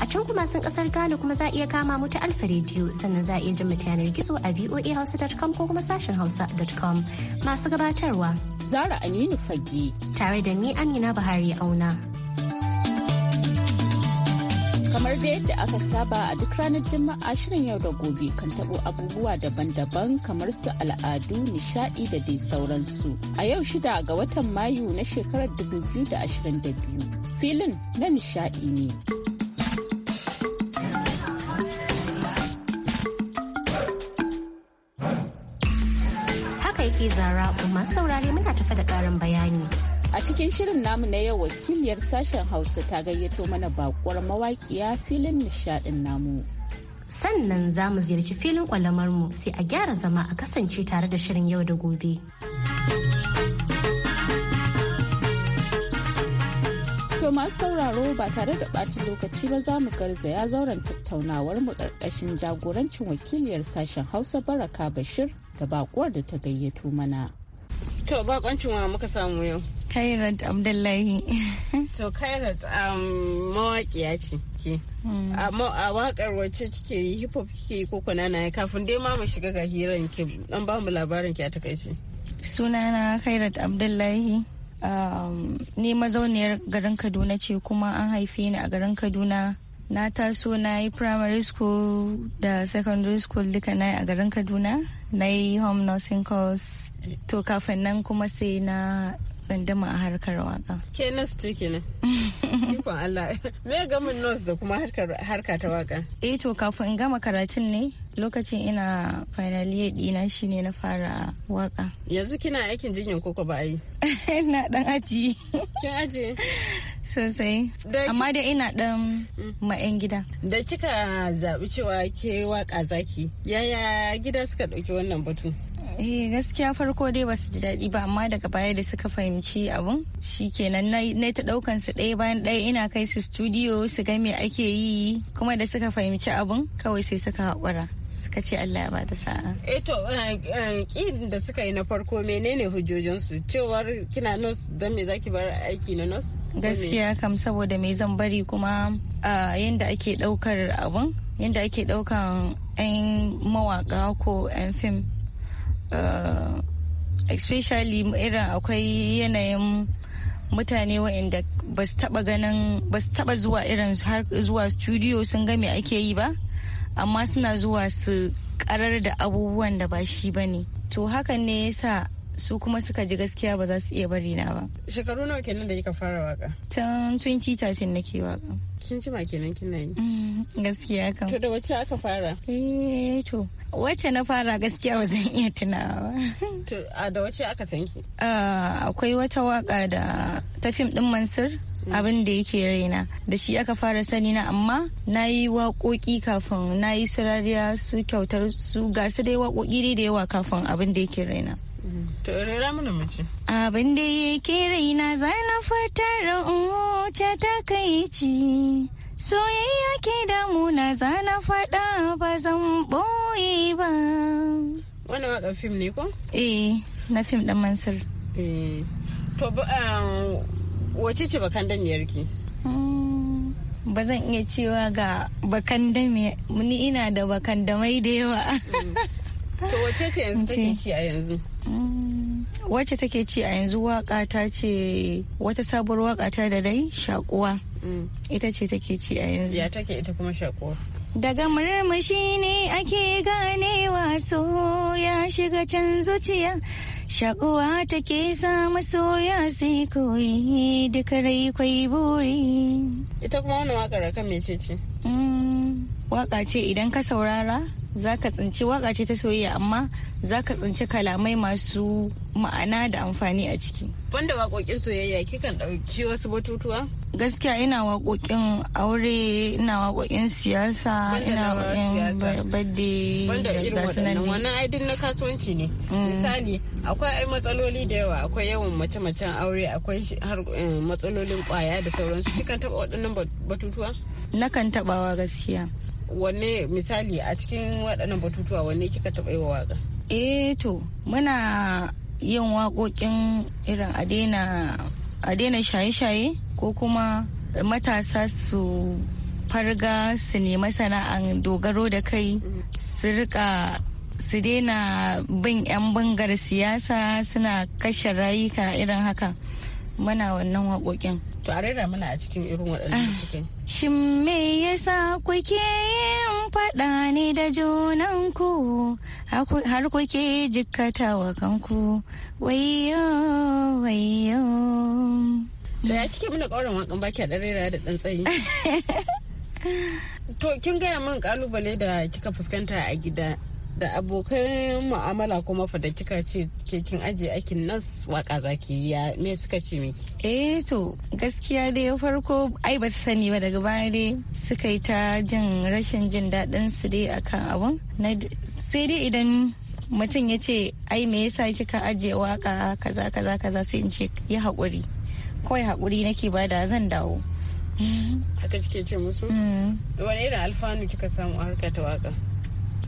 A can kuma sun kasar Ghana kuma za a iya kama mu ta Alfa Radio sannan za a iya jin yanar gizo a voahausa.com ko kuma sashen hausa.com. Masu gabatarwa. Zara Aminu Fage. Tare da ni Amina Buhari Auna. Kamar da yadda aka saba a duk ranar Juma'a shirin yau da gobe kan tabo abubuwa daban-daban kamar su al'adu, nishadi da dai sauransu. A yau shida ga watan Mayu na shekarar 2022. Filin na nishadi ne. ke masu saurare muna tafa da karin bayani. A cikin shirin namu na yau wakiliyar sashen Hausa ta gayyato mana bakuwar mawaƙiya filin nishaɗin namu. Sannan za mu ziyarci filin kwalamar mu sai a gyara zama a kasance tare da shirin yau da gobe. To masu sauraro ba tare da ɓacin lokaci ba za mu garzaya zauren tattaunawar mu ƙarƙashin jagorancin wakiliyar sashen Hausa Baraka Bashir da bakuwar da ta gayyato mana. To bakoncin wa muka samu yau. Kairat Abdullahi. To Kairat um, mawaƙiya ce ke. Hmm. A waƙar wacce kike yi hip hop kike yi koko nana kafin dai ma mu shiga ga hirar ki dan ba mu labarin ki a takaice. Sunana Kairat Abdullahi. Um, ni mazauniyar garin kaduna ce kuma an haife ni a garin kaduna na taso na yi primary school da secondary school duka na a garin kaduna na yi home nursing course to kafin nan kuma sai na tsandama a harkar waka. Ke nas ciki ne. Ikon Allah. Me gamin nos da kuma harka ta waka? Eh to kafin in gama karatun ne lokacin ina final year dina ne na fara waka. Yanzu kina aikin jinyan koko ba yi. Ina dan aji. Kin aji? Sosai. Amma dai ina dan ma'yan mm. gida. Da kika zaɓi cewa ke waka zaki, yaya gida suka ɗauki wannan batu? eh gaskiya farko dai basu ji daɗi ba amma daga baya da suka fahimci abun shikenan na ta ɗaukan su ɗaya bayan ɗaya ina kai su studio su ga me ake yi kuma da suka fahimci abun kawai sai suka haƙura suka ce Allah ya bada sa'a. Eh to kin eh, eh, da suka yi na farko menene hujjojinsu cewar kina nos don me zaki bar aiki na nos Gaskiya kam saboda me zan bari kuma yanda ake daukar abun yanda ake ɗaukan 'yan mawaƙa ko 'yan fim Uh, especially irin akwai yanayin mutane waɗanda ba su taɓa ganin ba su taɓa zuwa irin har zuwa studio sun ga me ake yi ba amma suna zuwa su karar da abubuwan da ba shi ba ne to hakan ne yasa su kuma suka ji gaskiya ba za su iya bari na ba. Shekaru nawa kenan da kika fara waka? Tun 2013 nake waka. Kin jima kenan kina yi? Mm, gaskiya kan. To da wacce aka fara? Eh to wacce na fara gaskiya ba zan iya tunawa. To a da wacce aka san ki? Ah, akwai wata waka da ta fim din Mansur. Mm. abin da yake raina da shi aka fara sani na amma na yi waƙoƙi kafin na yi sirariya su kyautar su gasu dai waƙoƙi da yawa kafin abin da yake raina To rera mana mace. Abin da yake raina zana fatar wuce ta kai ci. Soyayya ke damuna zana fada ba zan ɓoye ba. Wani waka fim ne ko? Eh, na fim ɗan Mansur. Eh. To um, wace ce bakan damiyarki? Hmm, ba zan iya cewa ga bakan damiyar, ni ina da bakan mai da yawa. Mm. To wace ce yanzu take ki a yanzu? wacce take ci a yanzu waka ta ce wata sabuwar waka ta da dai shakuwa mm. ita ce take ci a yanzu ya take ita kuma shakuwa daga murmushi ne ake ganewa so ya shiga can zuciya shakuwa take sa ya sai koyi duka rai kwai buri ita kuma wani waka raka mai ce ce mm. waka ce idan ka saurara za ka tsinci waka ce ta soyayya amma za ka tsinci kalamai masu ma'ana da amfani a ciki. Wanda waƙoƙin soyayya kikan ɗauki wasu batutuwa? Gaskiya ina waƙoƙin aure, ina waƙoƙin siyasa, ina waƙoƙin bade. Wanda irin wannan aidin na kasuwanci ne. Mm. Misali, akwai ai matsaloli da yawa, akwai yawan mace-macen aure, akwai har eh, matsalolin ƙwaya da sauransu. Kikan taɓa waɗannan batutuwa? Nakan taɓawa gaskiya. wanne misali a cikin waɗannan batutuwa wanne kika taɓa yi wa waka eh to muna yin waƙoƙin irin a daina shaye-shaye ko kuma matasa su farga su nemi sana'an dogaro da kai su rika su daina bin 'yan bangar siyasa suna kashe rayuka irin haka muna wannan waƙoƙin. To a rera mana a cikin irin waɗannan cikin. Ah. Shin me yasa kuke yin faɗa ne da junanku har kuke jikkata wa kanku wayo wayo. To ya cike mana ƙaurin waƙan baki a rera da ɗan tsayi. To kin gaya min ƙalubale da kika fuskanta a gida da abokan mu'amala kuma fa da kika ce kin aje aikin nas waka zaki ya me suka ce miki eh to gaskiya dai farko ai ba su sani ba daga baya dai suka yi ta jin rashin jin daɗin su dai akan abun sai dai idan mutum ya ce ai me yasa kika ajiye waka kaza kaza kaza sai in ce yi haƙuri kawai haƙuri nake bada zan dawo haka kike ce musu mm. wani irin alfanu kika samu a harkar ta waka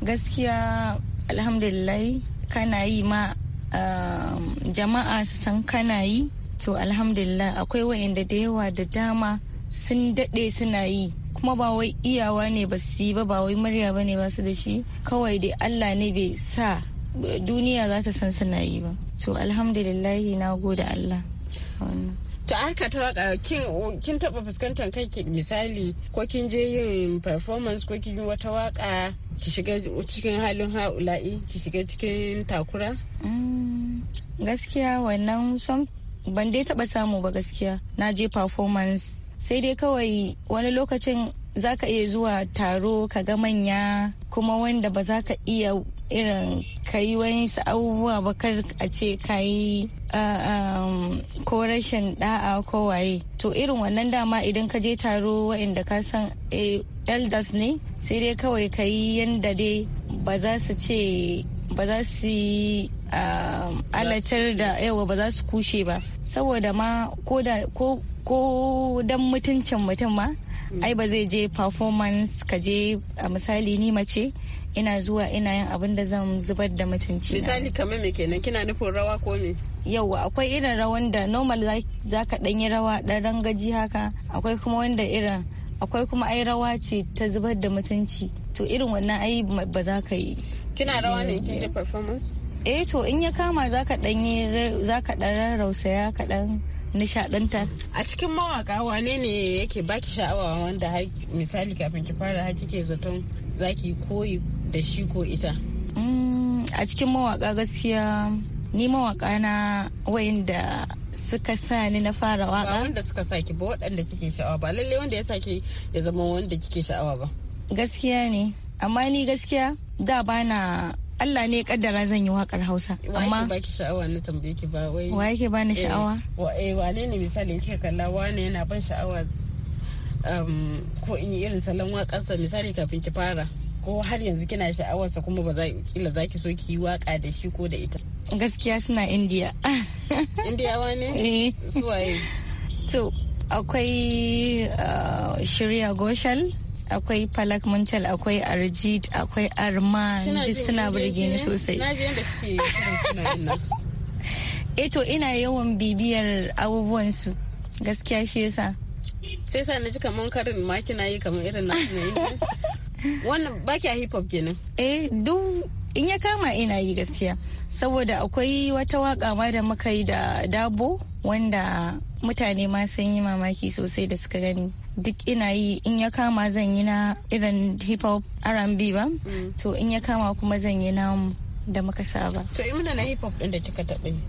gaskiya alhamdulillah kana yi ma um, jama'a su san kana yi to alhamdulillah akwai wa'inda da yawa da dama sun daɗe suna yi kuma ba wai iyawa ne ba su yi ba ba wai murya ba ne ba su da shi kawai dai allah ne bai sa duniya za ta san suna yi ba to alhamdulillah na gode allah ta harka ta waka kin taba fuskantar kai misali ko kin je yin performance ko kin yi wata waka ki shiga cikin halin ha'ula'i ki shiga cikin takura mm, gaskiya wannan ban dai taba samu ba gaskiya na je performance sai dai kawai wani lokacin za ka iya zuwa taro ka ga manya kuma wanda ba za ka iya irin kai wani abubuwa ba kar a ce ka yi um, ko rashin da'a ko waye to irin wannan dama idan ka je taro wa'inda ka san eh, elders ne sai dai kawai ka yi yadda dai ba za su ce ba za su yi ah, alatar da yawa ba za su kushe ba saboda ma ko dan mutuncin mutum ma hmm. ai ba zai je performance ka je a misali ni mace ina zuwa ina yin abin da zan zubar da mutunci misali kamar me kenan kina nufin rawa ko me yauwa akwai irin rawan da normal za ka ɗan yi rawa dan rangaji haka akwai kuma wanda irin akwai kuma ai rawa ce ta zubar da mutunci to irin wannan ai ba za ka yi kina rawa ne eh, kin da performance eh to in ya kama za ka dan yi za ka dan rarrausaya ka dan nishadanta a cikin mawaka wane ne yake baki sha'awa wanda misali kafin ki fara har kike zaton zaki koyi da shi ko ita mm, a cikin mawaka gaskiya ni mawaka na wayanda suka sa ni na fara waka ba wanda suka sa ki ba waɗanda kike sha'awa ba lalle wanda ya sa ki ya zama wanda kike sha'awa ba gaskiya ne amma ni gaskiya da bana Allah ne kaddara zan yi wakar Hausa. Amma ba ki sha'awa na tambaye ki ba wai. Wa yake bani eh, sha'awa? Eh wane ne misali kike kalla wane yana ban sha'awa um, ko in yi irin salon waƙarsa misali kafin ki fara ko har yanzu kina sha'awarsa kuma ba za kila za ki so ki yi waka da shi ko da ita gaskiya suna indiya indiyawa ne eh. suwaye to akwai uh, shirya goshal akwai falak munchal akwai arjit akwai arman duk suna burge ni sosai eh to ina yawan bibiyar abubuwansu gaskiya shi yasa sai sa na ji kaman karin makina yi kaman irin na wannan baki a hip hop kenan eh duk in ya kama ina yi gaskiya saboda akwai wata waka ma da muka yi da dabo wanda mutane ma sun yi mamaki sosai da suka gani duk ina yi in ya kama zan yi na irin hip hop R&B ba mm. to in ya kama kuma zan yi na da muka saba to in na hip hop din da kika taɓa yi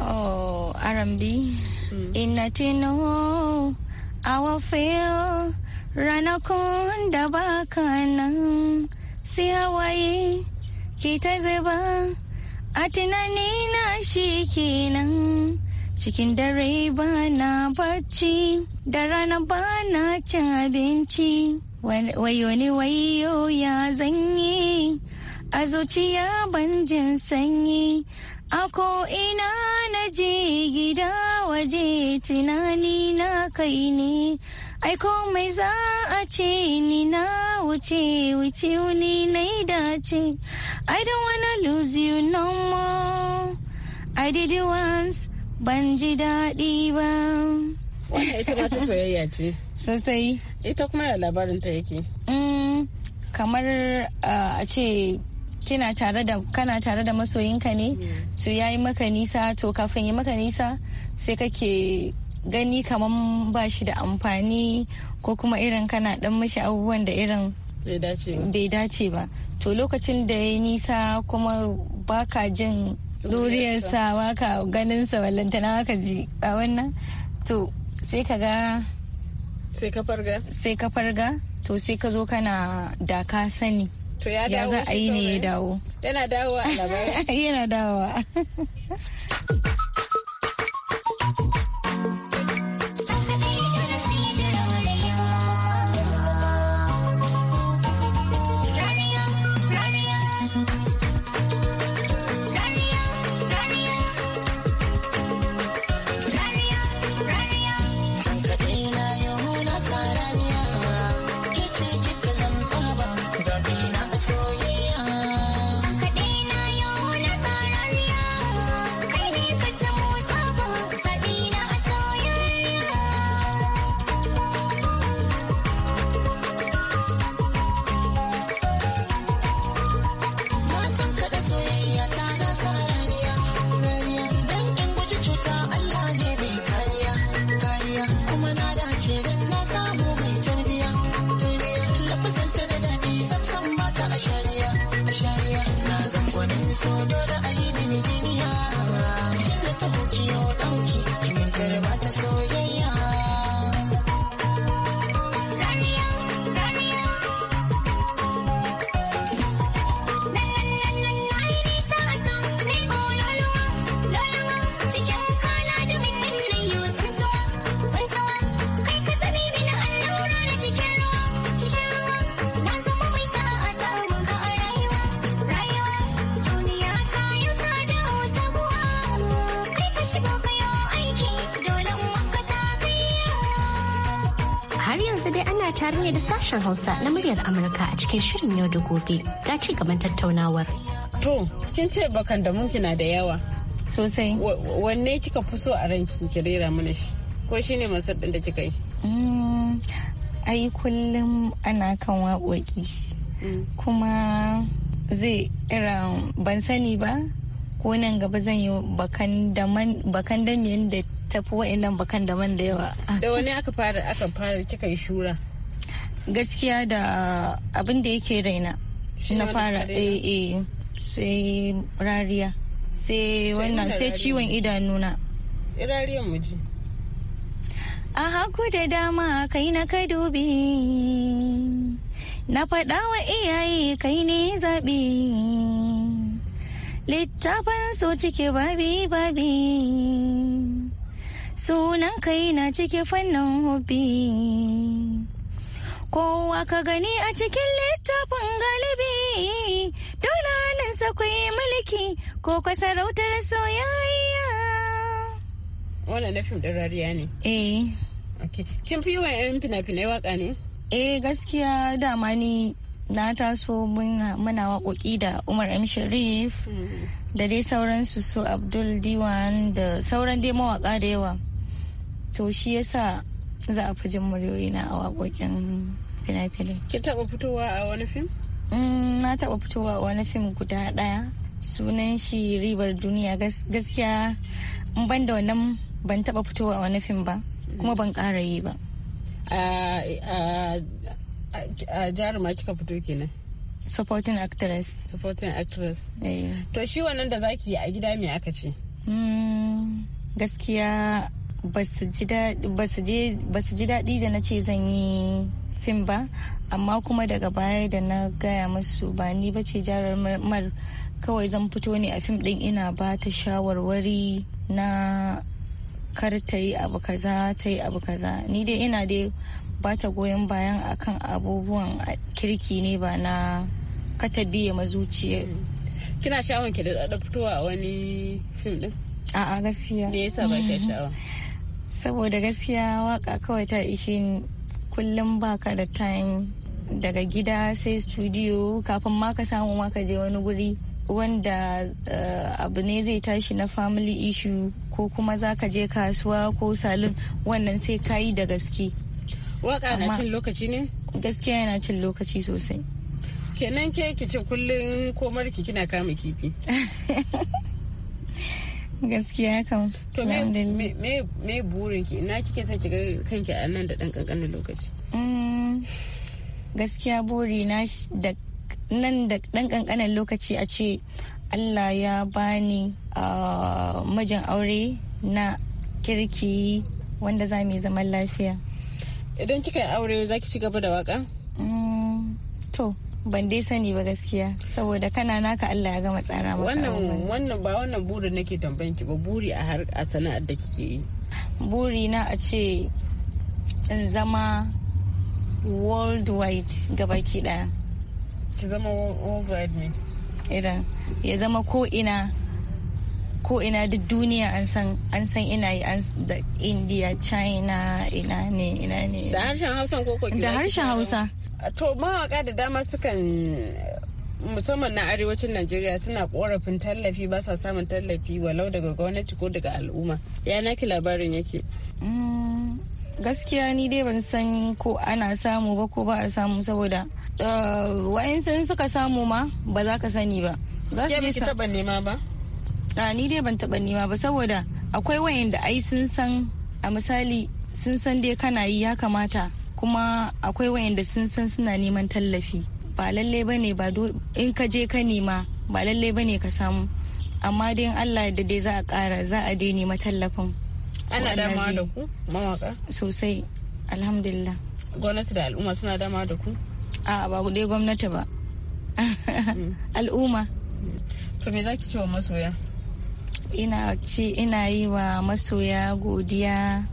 oh R&B mm. in a tino our oh, feel ranakun da ba ka nan sai hawaye ke ta zuba a tunani na shi kenan cikin dare ba na barci da rana ba na cin abinci wayo ni wayo ya zanyi a zuciya ban jin sanyi a ko ina na je gida waje tunani na kai ne ai komai za a ce ni na wuce wuce ni na dace i don't wanna lose you no more i did it once ban ji daɗi ba wannan ita ma ta soyayya ce sosai ita kuma ya labarin ta yake mm, kamar ah, a ce kina tare da kana tare da masoyinka ne to yayi maka nisa to kafin yi maka nisa sai kake gani kaman ba shi da amfani ko kuma irin kana dan mashi abubuwan da irin bai dace ba to lokacin da ya nisa kuma baka jin luriyarsa baka ganinsa ballantana ka ji a wannan to sai ka ga sai ka farga sai ka farga to sai ka zo kana da ka sani to ya dawo za a yi ne ya dawo yana labarai yana dawo yanzu dai ana tare ne da sashen Hausa na muryar Amurka a cikin shirin yau da gobe ga ci gaban tattaunawar. To, kin ce bakan da munki na da yawa. Sosai. Wanne kika fi so a rankin ki rera mana shi? Ko shine masar din da kika yi? Mm, ai kullum ana kan waƙoƙi. Mm. Kuma zai irin ban sani ba ko nan gaba zan yi bakan da da tafi wa'annan bakan da man da yawa da wani aka fara aka fara kika yi shura gaskiya da abin da yake raina na fara eh, eh sai rariya sai wannan sai ciwon idanuna eh, rariyan ji. a haku da dama kai na ka dubi na faɗa wa iyaye kai ne zaɓi littafin so cike babi babi sunan kai na cike fannin hobi kowa ka gani a cikin littafin galibi dole ku mulki ko ka sarautar soyayya wannan na fim rariya ne eh kin fi yi wa 'yan fina-finai waka ne eh gaskiya dama ni na taso muna waƙoƙi da umar m sharif da dai sauransu su abdul diwan da sauran dai mawaƙa da yawa to shi yasa za a fi jin a waƙoƙin fina-finai ki taɓa fitowa a wani fim mm, na taɓa fitowa a wani fim guda ɗaya sunan shi ribar duniya gaskiya in ban da wannan ban taɓa fitowa a wani fim ba kuma ban ƙara yi ba a ma kika fito kenan supporting actress supporting actress eh. to shi wannan da zaki yi a gida me aka ce hmm, gaskiya ba su ji daɗi da na ce zan yi fim ba amma kuma daga baya da na gaya musu ba ni ba ce jarumar kawai zan fito ne a fim ɗin ina ba ta shawarwari na kar ta yi abu kaza ta yi abu kaza ni dai ina dai ba ta goyon bayan akan abubuwan kirki ne ba na katabi ya mazuciyar kina sha'awar ki da fitowa a wani fim din a'a gaskiya me yasa ba ki sha'awa saboda gaskiya waka kawai ta ishe ni kullum baka da time daga gida sai studio kafin ma ka samu ma ka je wani guri wanda eh, abu ne zai tashi na family issue ko kuma za ka je kasuwa ko salon wannan sai ka yi da gaske waka na cin lokaci ne gaskiya yana cin lokaci sosai kenan ke ki kullum komar ki kina kama kifi gaskiya kama. to me me burin ki ina kike son ki ga kanki a nan da dan kankanin lokaci mm, gaskiya buri na da nan da dan kankanin lokaci a ce Allah ya bani ah, mijin aure na kirki wanda za mu yi zaman lafiya Idan kika yi aure za ki ci gaba da waka? Mm, to, ban dai sani ba gaskiya saboda kana naka Allah ya gama tsara maka wannan wannan ba wannan burin nake tambayan ki ba buri a har a sana'ar da kike yi buri na a ce in zama worldwide gabaki daya ki zama worldwide ne ira ya zama ko ina ko ina duk duniya an san ina yi da india china ina ne ina ne da harshen hausa ko ko da harshen hausa to mawaka da dama sukan musamman na arewacin najeriya suna korafin tallafi ba sa samun tallafi walau daga gwamnati ko daga al'umma ya naki labarin yake mm, gaskiya ni dai ban san ko ana samu ba ko ba a samu saboda eh, wa'in sun suka samu ma ba za ka sani ba za su je taba ba a ah, ni dai ban taba nema ba saboda akwai wayanda ai sun san a misali sun san dai kana yi ya kamata kuma akwai wayanda sun san suna neman tallafi ba ba ne ba in ka je ka nema ba lalle ba ne ka samu amma dai in Allah da dai za a kara za a dai nema tallafin ana dama da ku mawaka sosai alhamdulillah gwamnati da al'umma suna dama da ku a ba dai gwamnati ba mm. al'umma mm. to me zaki ce wa masoya ina ce ina yi wa masoya godiya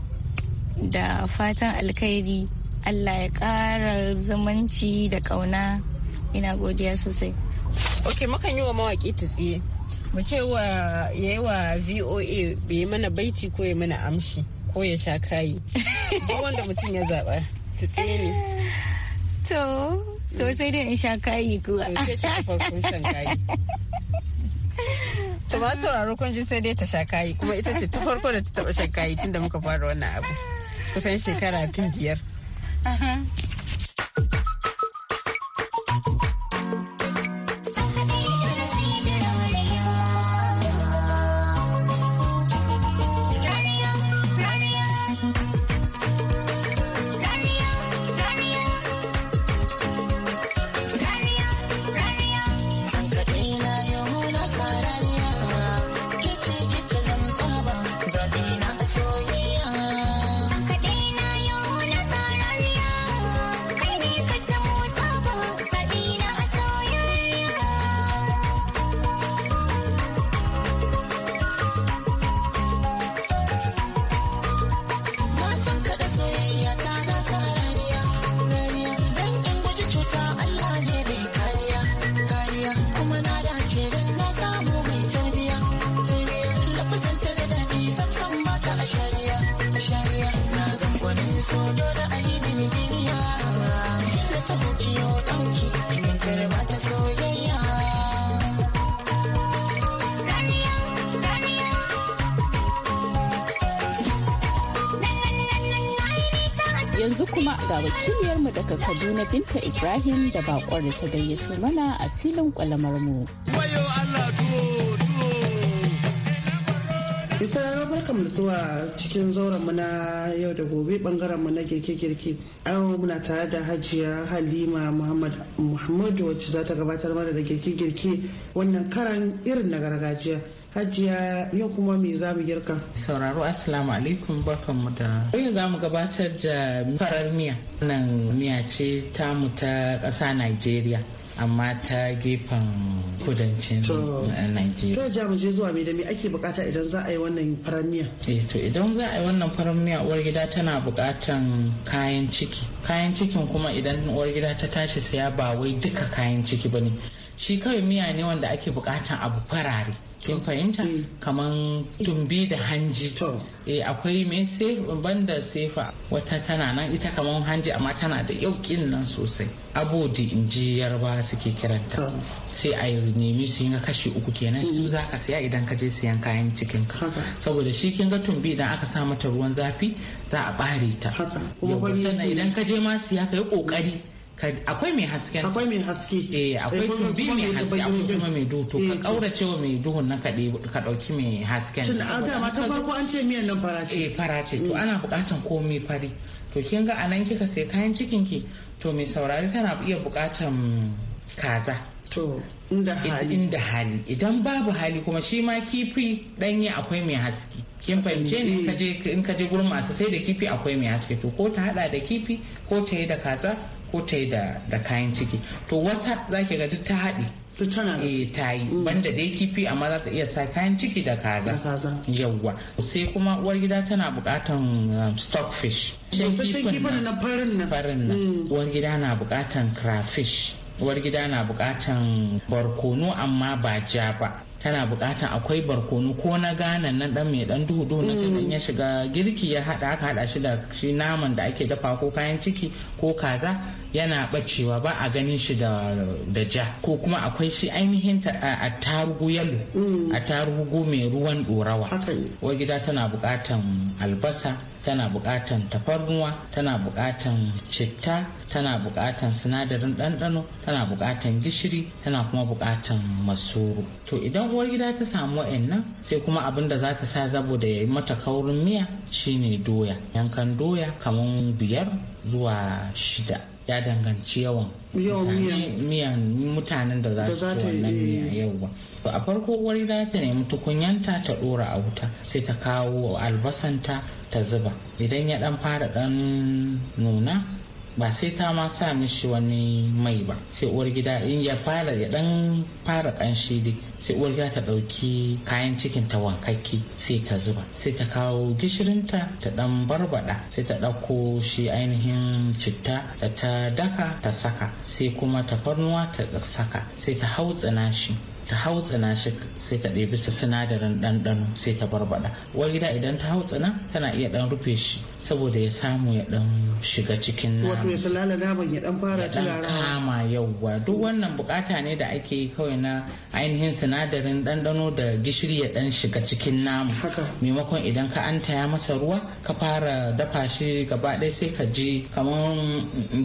da fatan alkhairi allah ya ƙara zumunci da ƙauna ina godiya sosai ok makan yi wa mawaƙi tsiye mu ce wa ya yi wa voa bai mana baici ko ya mana amshi ko ya sha kayi duk wanda mutum ya zaɓa tsiye ne to to sai dai in sha kayi kuwa To ba sauraro kun ji sai dai ta sha kayi kuma ita ce ta farko da ta taba shan kayi tun da muka fara wannan abu. Kusan shekara fin biyar. mu daga kaduna binta ibrahim da bakon da ta gayyato mana a filin kwalamar kwalamarmu. bisa barkan mu zuwa cikin zauren mu na yau da gobe bangaren mu na girke-girke yau muna tare da hajiya halima muhammad muhammadu wacce za ta gabatar mana da girke-girke wannan karan irin na gargajiya hajiya yau kuma me za mu girka sauraro assalamu alaikum mu da yau za mu gabatar da farar miya nan miya ce mu ta ƙasa Najeriya amma ta gefen kudancin Najeriya. To ja je zuwa me da me ake bukata idan za a yi wannan farar miya? Eh to idan za a yi wannan farar miya uwar gida tana bukatan kayan ciki. Kayan cikin kuma idan uwar gida ta tashi saya ba wai duka kayan ciki bane. Shi kawai miya ne wanda ake bukatan abu farare. kin fahimta mm. kaman tumbi da hanji eh akwai mai sefa banda sefa wata tana nan ita kaman hanji amma tana da yaukin nan sosai abodi in ji yarba suke kiranta sai a yi nemi su yi kashi uku kenan su mm. za ka siya idan ka je siyan kayan cikin ka saboda shi kin ga tumbi idan aka sa mata ruwan zafi za a bare ta sannan idan ka je ma siya ka yi kokari akwai mai hasken akwai mai haske eh akwai tumbi eh, mai haske akwai kuma mai duhu to ka eh, kaura cewa mai duhu na kade ka dauki mai hasken shin an ah, da ma ta farko an ce miyan nan farace eh farace to ana bukatan mai fari to kin ga anan kika sai kayan cikin ki to mai saurari tana iya bukatan kaza to inda hali inda hali idan babu hali kuma shi ma kifi danye akwai mai haske kin fahimce ne eh. in ka je gurin masu sai da kifi akwai mai haske to ko ta hada da kifi ko ta yi da kaza ko ta yi da kayan ciki to wata za ki ga duk ta haɗi e eh, ta yi mm. banda dai kifi amma za ta iya sa kayan ciki da kaza yawwa sai kuma uwar gida tana bukatan um, stockfish shi kifin na farin nan mm. uwar gida na bukatan crayfish uwar gida na bukatan barkono amma ba ja ba tana bukatan akwai barkono ko na gana na dan mai dan duhu duhu na mm. ya shiga girki ya hada aka hada shi da shi naman da ake dafa ko kayan ciki ko kaza yana bacewa ba a ganin shi da da ja ko kuma akwai shi ainihin a tarugu yalo mm. a tarugu mai ruwan dorawa wa gida tana bukatan albasa tana bukatan tafarnuwa tana bukatan citta tana buƙatan sinadarin ɗanɗano tana buƙatan gishiri tana kuma buƙatan masoro to idan uwar gida ta samu wa'annan sai kuma abin da za ta sa da ya yi mata kaurin miya shine doya yankan doya kamar biyar zuwa shida ya danganci yawan miyan mutanen da za su ci wannan miya eh. ba. to a farko uwar gida ta nemi tukunyanta ta dora a wuta sai ta kawo albasanta ta zuba idan ya dan fara dan nuna ba sai ta ma sa mishi wani mai ba sai uwar gida in ya fara ya dan fara kanshi dai sai uwar gida ta dauki kayan cikin ta wankakke sai ta zuba sai ta kawo gishirinta ta dan barbada sai ta dauko shi ainihin citta da ta daka ta saka sai kuma tafarnuwa ta saka sai ta hautsana shi ta hautsana shi sai ta ɗebi sa sinadarin ɗanɗano sai ta barbada uwar gida idan ta hautsana tana iya ɗan rufe shi saboda ya samu ya dan shiga cikin nama wato ya salala naman ya dan fara ya kama yauwa duk wannan bukata ne da ake yi kawai na ainihin sinadarin dandano da gishiri ya dan shiga cikin namu. maimakon idan ka anta ya masa ruwa ka fara dafa shi gaba ɗaya sai ka ji kamar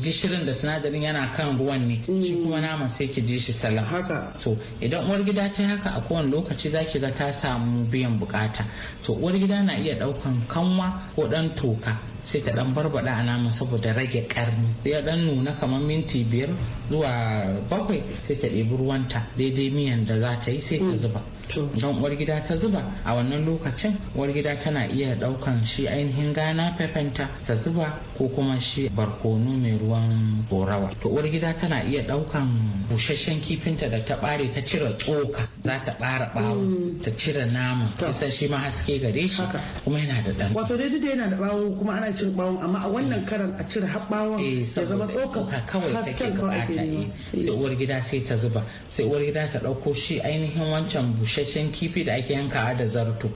gishirin da sinadarin yana kan ruwan ne mm. shi kuma nama sai ki ji shi salam haka to idan uwar gida ta haka a kowane lokaci zaki ga ta samu biyan bukata to uwar gida na iya daukan kanwa ko dan toka Gracias. sai ta dan barbada a nama saboda rage karni ya dan nuna kamar minti biyar zuwa bakwai sai ta ɗebi ruwanta daidai miyan da za ta yi sai ta mm. zuba don uwar ta zuba a wannan lokacin uwar tana iya daukan shi ainihin gana fefenta ta zuba ko kuma shi barkono mai ruwan gorawa to uwar tana iya daukan busasshen kifinta da ta bare ta cire tsoka za ta bara bawo mm. ta cire nama kisan shi ma haske gare shi kuma yana da dan wato dai yana da bawo kuma ana a cire bawon amma a wannan eh. karan a cire har eh, ya zama tsoka kawai take bukata eh. sai uwar gida sai ta zuba sai uwar gida ta dauko shi ainihin wancan busasshen kifi da ake yankawa da zarto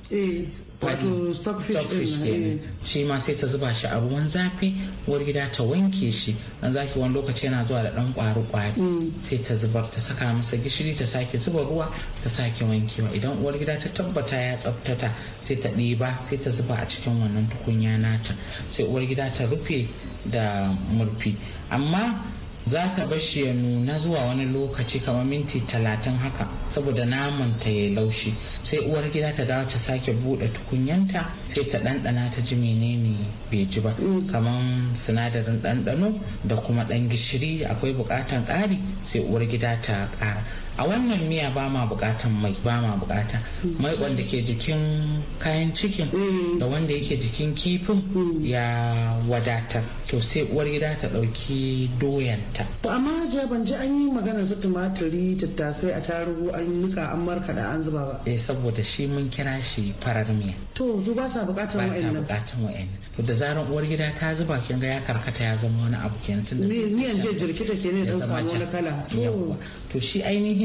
wato stockfish eh. shi ma sai ta zuba shi a ruwan zafi uwar gida ta wanke shi dan zafi wani lokaci yana zuwa da dan kwaru kwari mm. sai ta zuba ta saka masa gishiri ta sake zuba ruwa ta sake wankewa idan uwar gida ta tabbata ya tsaftata sai ta ɗiba sai ta zuba a cikin wannan tukunya nata sai uwar gida ta rufe da murfi amma za ta bashi ya nuna zuwa wani lokaci kamar minti talatin haka saboda naman ta ya laushi sai uwar gida ta dawo ta sake bude tukunyanta sai ta ɗanɗana ta ji menene bai ji ba mm. kamar sinadarin ɗanɗano da kuma ɗan gishiri akwai bukatan ƙari sai uwar gida ta ƙara a wannan miya ba ma bukatan mai ba ma bukata mai wanda ke jikin kayan cikin mm. da wanda yake jikin kifin mm. ya wadatar to sai uwar gida ta dauki doyanta to amma je ban ji an yi magana su tumaturi tattasai a tarugu an nika an da an zuba ba eh saboda shi mun kira shi farar miya to su ba sa bukatan wa'annan ba sa bukatan wa'annan to da zaran uwar gida ta zuba kin ga ya karkata ya zama wani abu kenan tunda miyan je jirkita ne dan samu wani kala to shi ainihin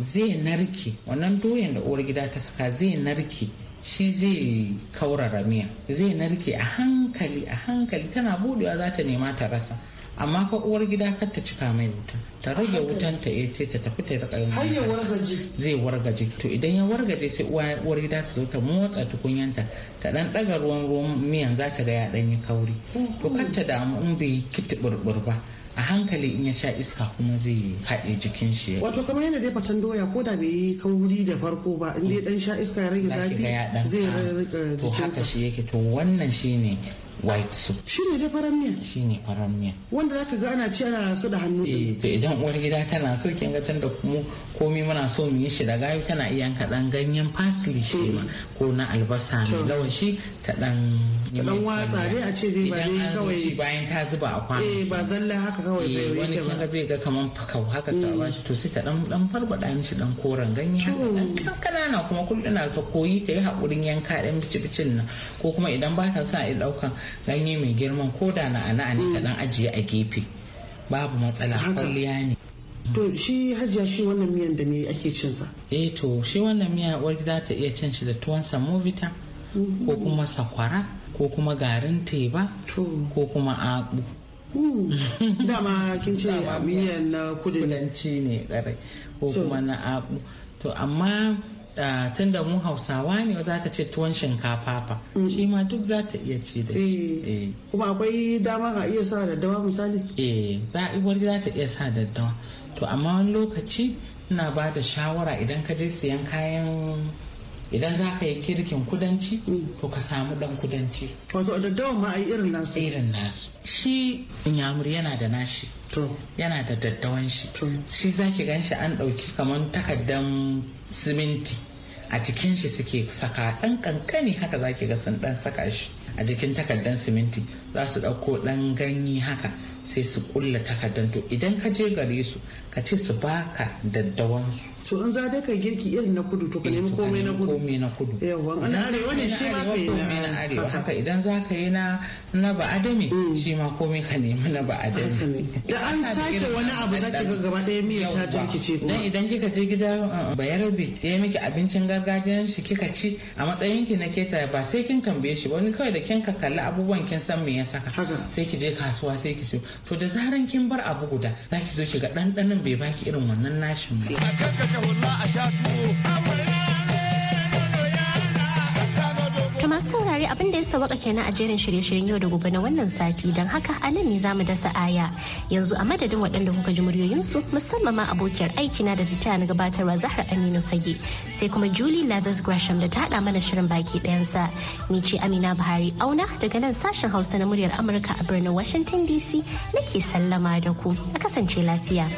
zai narke wannan doyan da uwar gida ta saka zai narke shi zai kaurara miya zai narke a hankali a hankali tana budewa za ta nema ta rasa amma fa uwar gida kar ta cika mai wuta ta rage wutan ta ya eh, ce ta tafi ta rika yin wargaje zai wargaje to idan ya wargaje sai uwar gida ta zo ta motsa tukunyanta ta dan daga ruwan ruwan miyan za ta ga ya dan yi kauri to kar ta damu in bai burbur ba a hankali in ya sha iska kuma zai haɗe jikin shi wato kamar yadda dai fatan doya ko da bai yi kauri da farko ba in dai dan sha iska ya rage zafi zai rage eh, to haka shi yake to wannan shine white soup ne da faran miya ne faran miya wanda zaka ga ana ci ana su da hannu eh to idan uwar gida tana so kin ga tunda mu komai muna so mu yi shi da gayu tana iya yanka dan ganyen parsley shi ma ko na albasa mai shi ta dan dan watsa dai a ce dai ba dai kawai bayan ta zuba a kwano eh ba zalla haka kawai eh, zai yi wani kin ga zai ga kaman fakau haka ka ba shi to sai ta dan dan farbada mishi dan koren ganye haka dan kanana kuma kullun ta koyi ta yi hakurin yanka dan bici bicin nan ko kuma idan ba ta sa a daukan ganye mai girman ko da na ana ne ka mm. dan ajiye a gefe babu matsala kwalliya ne to shi hajiya shi wannan miyan da me ake cin sa eh to shi wannan miya uwar gida ta iya cin shi da tuwon samovita mm-hmm. ko kuma sakwara ko kuma garin teba ko kuma abu mm. dama kin ce miyan na kudanci ne ko kuma na abu to amma Eh, tun da mu hausawa ne za ta ce tuwon shinkafa fa mm. shi ma duk za ta iya ci da shi eh. Eh. kuma akwai dama a iya sa daddawa misali eh za za ta iya sa daddawa to amma wani lokaci ina ba da shawara idan ka je siyan kayan idan za ka yi kirkin kudanci mm. to ka samu dan kudanci wato a daddawa ma a irin nasu irin nasu shi inyamuri yana da nashi yana da daddawan shi shi za ki gan shi an ɗauki kamar takaddan siminti a jikin shi suke saka ɗan kankani haka za ga sun ɗan saka shi a jikin takardar siminti za su ɗauko ɗan ganye haka sai su ƙulla takardar to idan ka je gare su ka ce su baka daddawansu to in za dai ka girki irin na kudu to ka eh, nemi komai na kudu komai na kudu yawa an arewa ne shi ma kai na arewa haka idan za ka yi na na ba adami eh. shi ma komai ka nemi na ba adami da an sake wani abu za ka ga gaba ɗaya miya ta jirkice kuma dan idan kika je gida uh, uh, bayarabe ya miki abincin gargajiyan shi kika ci a matsayin ki na keta ba sai kin tambaye shi wani kawai da kin ka kalli abubuwan kin san me ya saka sai ki je kasuwa sai ki siyo to da zaran kin bar abu guda za ki zo ki ga ɗanɗanon bai baki irin wannan nashin ba masu saurare abin da ya sawaka kenan a jerin shirye-shiryen yau da gobe na wannan sati don haka a nan ne za mu dasa aya yanzu a madadin waɗanda kuka ji muryoyinsu musamman ma abokiyar aikina da jita na gabatarwa zahar aminu fage sai kuma julie lathers gresham da ta haɗa mana shirin baki ɗayansa ni ce amina buhari auna daga nan sashen hausa na muryar amurka a birnin washington dc nake sallama da ku a kasance lafiya.